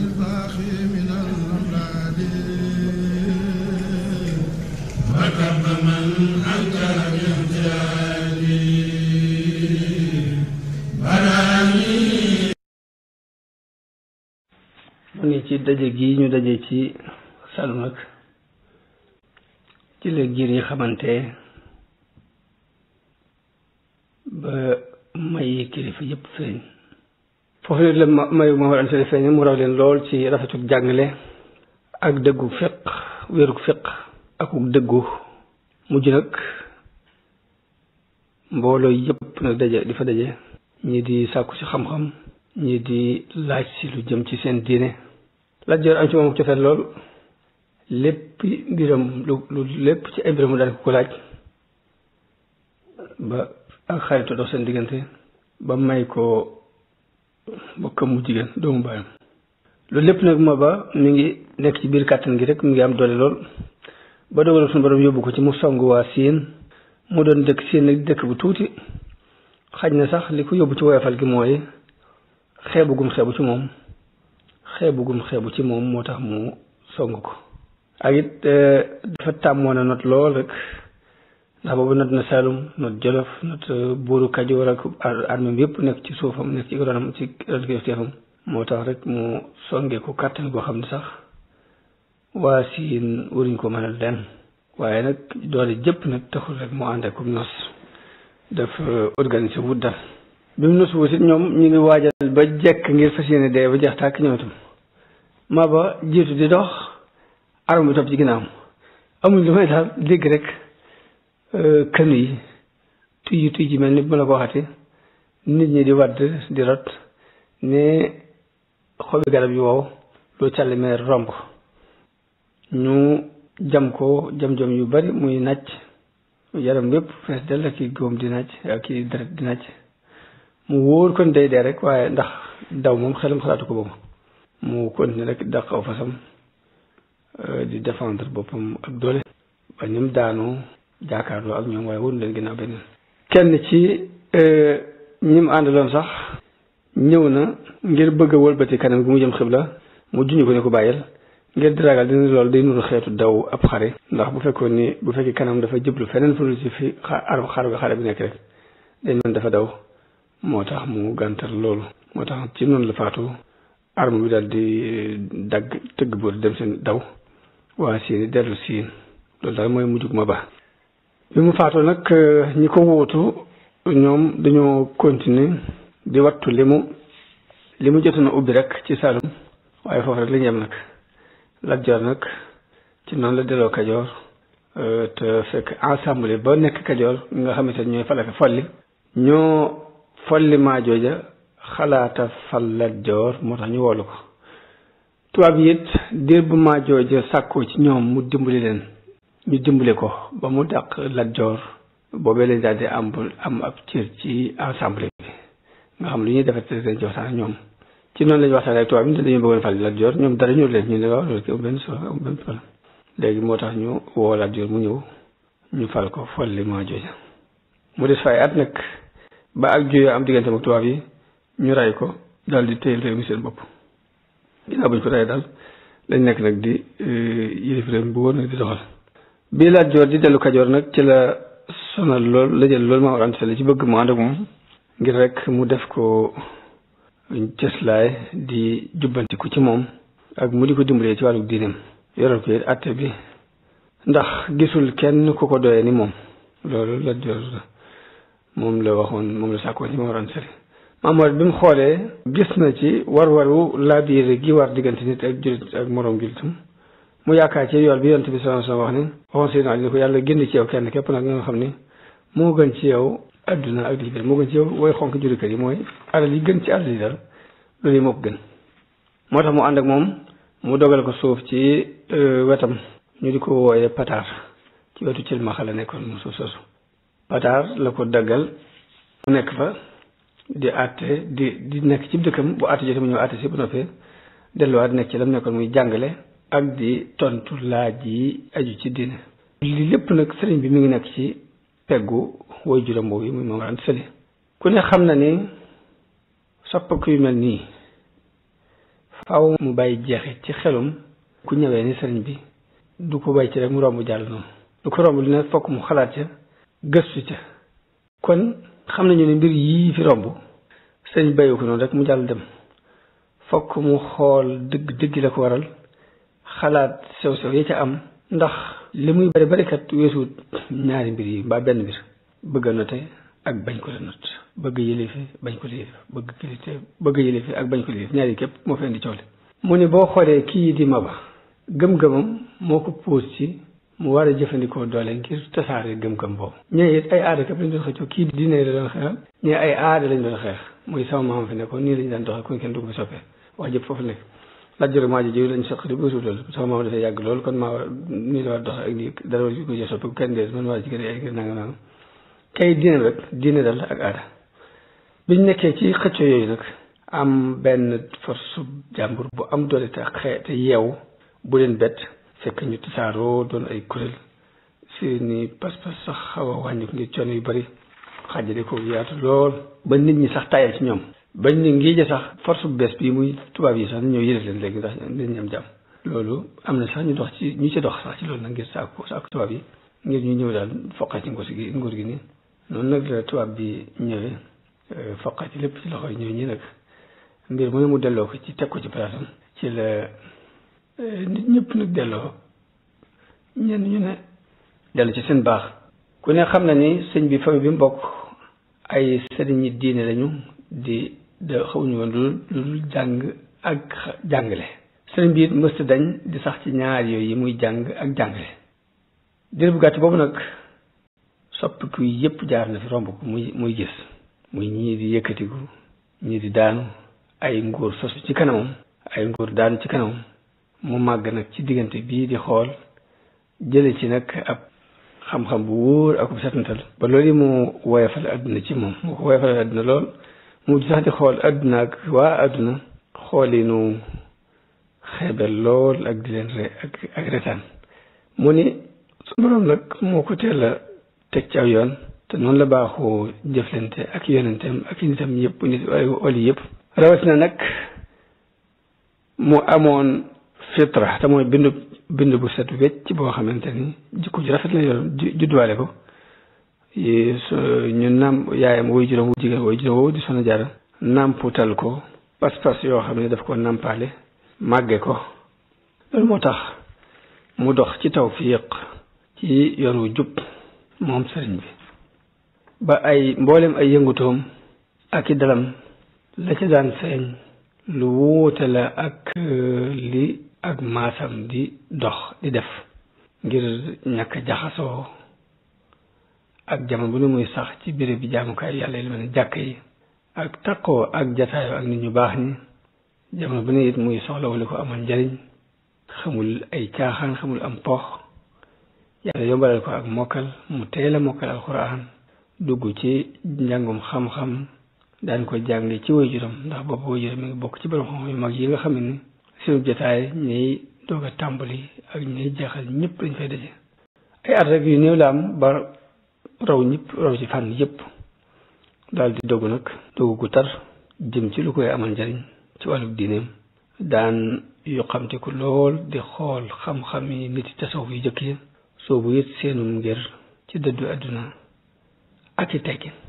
mu ngi ci daje gi ñu daje ci Salmak ci la giir yi xamante ba may kilifa yépp feeñ foofu la la mayu Mawal Anta Sall feeñe mu raw leen lool ci rafetu jàngale ak dëggu fiq wérug fiq ak dëggu mujj nag mbooloo yëpp nag daje di fa daje. ñii di sàkku ci xam-xam. ñii di laaj si lu jëm ci seen diine. laaj joor am ci moom cofeel lool lépp mbiram lu lépp ci ay mbiram daan ko ko laaj ba ak xaritu dox seen diggante ba may ko. bokkam mu jigéen doomu baayam loolu lépp nag moo ba mu ngi nekk ci biir kàttan gi rek mu ngi am doole lool ba dogalam suñu borom yóbbu ko ci mu song waa siin mu doon dëkk siin nag dëkk bu tuuti xaj na sax li ko yóbbu ci woyofal gi mooy xeebugum xeebu ci moom xeebugum xeebu ci moom moo tax mu song ko ak it eh, dafa tàmmoon a not lool rek ndax boobu not na Saalum not Jolof not uh, Buuru Kajoor ak armée bi yëpp nekk ci suufam nekk ci ronam ci ron kilifteefam moo tax rek mu songee ko kàttan goo xam ne sax waa siin waruñ ko mën a leen waaye nag doole jëpp nag taxul rek mu ànd ak nos daf organisé wu dal bi mu nos wutit ñoom ñu ngi waajal ba jekk ngir fas yéene dee ba jeex tàkk ñoom itam maa ba jiitu di dox arme bi topp ci ginnaawam amuñ lu may daal dégg rek Euh, kën yi tijji tijji mel ni bu ma la ko waxati nit ñi di wadd di rot ne xobi garab yu wow lu càllimee romb ñu jam ko jam-jam yu bari muy nàcc yaram yépp fees del ak i góom di nàcc ak i deret di nàcc mu wóor kon day dee rek waaye ndax daw moom xelam xalaatu ko boobu mu continué rek dàqaw fasam euh, di défendre boppam ak doole ba ñum jaakaarloo ak ñoom waaye wóoru leen ginnaaw beneen kenn ci euh, ñi ànd àndaloon sax ñëw na ngir bëgg a wëlbati kanam gi mu jëm xibla mu juñu ko ne ko bàyyil ngir diragal dina lool day nuru xeetu daw ab xare ndax bu fekkoon ni bu fekkee kanam dafa jëblu feneen fu dul ci fi xaar xaru xare bi nekk rek dañ mën dafa daw moo tax mu gàntal loolu moo tax ci noonu la faatu arme bi dal di euh, dagg tëgg boor dem seen daw waa siin dellu siin loolu daal mooy mujj ma ba bi mu faatoo nag euh, ñi ko wuutu ñoom dañoo continuer di wattu li mu li mu jot a ubbi rek ci Saalum waaye foofu rek la ñu nag Lat Joor nag ci noonu la delloo Kajoor euh, te fekk ensemble ba nekk Kajoor nga xamante ne ñooy falaka folli ñoo folli maajooja xalaata fal Lat Joor moo tax ñu woolu ko tubaab yi it diir bu maajooja sàkkoo ci ñoom mu dimbali leen ñu dimbale ko ba mu dàq Lat Joor boobee lañ daal di am am ab cër ci ensemble bi nga xam li ñuy defar dañ ci waxtaan ñoom ci noonu la ñu waxtaan ak tubaab bi dañu bëggoon fal Lat Joor ñoom dara ñu leen ñu ne waaw loolu kii léegi moo tax ñu woo Lat Joor ñu fal ko fol li mu des fay at nag ba ak juyoo am diggante ak tubaab yi ñu ray ko dal di téyel réew mi seen bopp ginnaaw bu ñu ko rayee daal lañ nekk nag di euh, yilif réew mi bu wóor nag di doxal bii Lat Joor di dellu Kajoor nag ci la sonal lool la jël loolu Maam Mor Anta Sali ci bëgg mu ànd moom ngir rek mu def ko cëslaay di jubbantiku ci moom ak mu di ko dimbalee ci wàllu diinam yoral ko it àtte bi ndax gisul kenn ku ko doyee ni moom loolu Lat Joor moom la waxoon moom la sàkkoon ci Maam Mor Anta Sali Maam Mor bi mu xoolee gis na ci war waru laabiire gi waar diggante nit ak jullit ak moroom jullitam mu yaakaar ci yool bi yonent bi sallallahu alayhi wasallam wax ni waxoon Seydina Ali ni ko yàlla génn ci yow kenn képp nag nga xam ni moo gën ci yow adduna ak li moo gën ci yow way xonk juri mooy alal yi gën ci alal yi loolu yi moo ko gën moo tax mu ànd ak moom mu dogal ko suuf ci euh, wetam ñu di ko wooyee pataar ci wetu cilmaxa la nekkoon mu suuf soosu pataar la ko daggal mu nekk fa di àtte di di nekk ci dëkkam bu àtte jotee mu ñëw àtte si bu noppee delluwaat nekk ci lam nekkoon muy jàngale ak di tontu laaj yi aju ci dina li lépp nag sëriñ bi mu ngi nekk ci peggu woy juróom boobu yi muy moom ant sëli ku ne xam na ni sopp yu mel nii faaw mu bàyyi ci xelum ku ñëwee ni sëriñ bi du ko bay ci rek mu romb jàll noonu du ko romb dina fokk mu xalaat ca gëstu ca kon xam nañu ne mbir yii fi romb sëriñ bayu ko noonu rek mu jàll dem fokk mu xool dëgg dëgg la ko waral xalaat sew-sew yi ca am ndax li muy bari barikat weesuut ñaari mbir yi mbaa benn mbir bëgg a note ak bañ ko la not bëgg yëlefe bañ ko yëlefe bëgg kilite bëgg yëlefe ak bañ ko yëlefe ñaari képp moo fi indi coow li mu ne boo xoolee kii di Maba gëm-gëmam moo ko póos ci mu war a jëfandikoo doole ngir tasaare gëm-gëm boobu ñee ay aada képp lañ doon kii di diine la doon xeexal ñee ay aada lañ doon xeex muy sama maam fi ne ko nii lañ daan doxee kon kenn du ko soppee wax jëpp foofu nekk Lat Joor maa ji jiw lañ saq di bëriwul loolu maam dafay yàgg lool kon maa war nii la war dox ak nii dara war ko jël soppi kenn de man waa ci gën rek diine dal ak aada biñ nekkee ci xëccoo yooyu nag am benn force jàmbur bu am doole te xee te yeew bu leen bett fekk ñu tasaaroo doon ay kuréel seeni pas-pas sax xaw a wàññi ngir coono yu bari xàjjale ko yaatu lool ba nit ñi sax tayal ci ñoom bañ ne ngii sax force bu bees bii muy tubaab yi sax ñëw yële leen léegi ndax dañuy am jàmm loolu am na sax ñu dox ci ñu ci dox sax ci loolu nag ngir sàkku sàkku tubaab yi ngir ñu ñëw daal foqat ci nguur gi nguur gi nii noonu nag tubaab bi ñëwee euh, foqat ci lépp ci loxoy ñëw ñi nag mbir mooy mu delloo ko ci teg ko ci palaatam ci la ñépp euh, ñëpp nag delloo ñenn ñu ne dellu ci seen baax ku ne xam na ni sëñ bi famille bi mu bokk ay sëriñi diine lañu di de xamuñu woon lu dul jàng ak jàngale sëriñ bi it mësta dañ di sax ci ñaar yooyu muy jàng ak jàngale diir bu gàtt boobu nag soppiku yépp jaar na fi romb ko muy muy gis muy ñii di yëkkatiku ñii di daanu ay nguur sosu ci kanamam ay nguur daanu ci kanamam mu màgg nag ci diggante bii di xool jële ci nag ab xam-xam bu wóor ak bu setantal ba loolu yi mu woyofal àdduna ci moom mu ko woyofal àdduna lool mu sax di xool àdduna ak waa àdduna xoolinu xeebel lool ak di leen re ak retaan mu ni suñu borom nag moo ko teel teg ci aw yoon te noonu la baaxoo jëflante ak yonenteem ak nitam yëpp nit yëpp rawatina nag mu amoon fitra te mooy bindu bindu bu set wecc boo xamante ni jikko ju rafet la yoroon judduwaale ko ñu nàmp yaayam woy juróom wu jigéen woy juróom woowu di soxna jaara nàmputal ko pas-pas yoo xam ne daf ko nàmpaale màgge ko loolu moo tax mu dox ci tawfiq ci yoru jub moom sëriñ bi ba ay mboolem ay yëngutoom ak i dalam la ca daan feeñ lu wuute la ak euh, li ak maasam di dox di def ngir ñàkk jaxasoo ak jamono bu ne muy sax ci béréb bi jaamukaay yàlla yi ma ne jàkk yi ak takkoo ak jataayoo ak nit ñu baax ni jamono bu ne it muy soxla wala ko amal njariñ xamul ay caaxaan xamul am pox yàlla yombalal ko ak mokkal mu teel a mokkal alxuraan dugg ci njàngum xam-xam daan ko jàng ci waajuram ndax boobu waajuram mi ngi bokk ci borom xam yu mag yi nga xam ni seen jataay ñiy doog a tàmbali ak ñiy jeexal ñëpp dañ fay daje at rek yu néew la raw ñëpp raw ci fànn yëpp daal di dogu nag dogu gu tar jëm ci lu koy amal njariñ ci wàllu diineem daan yu xamtiku lool di xool xam-xam yi nit tasawuf yu jëkk yi soobu yët seenum ngir ci dëddu àdduna ak ci teggin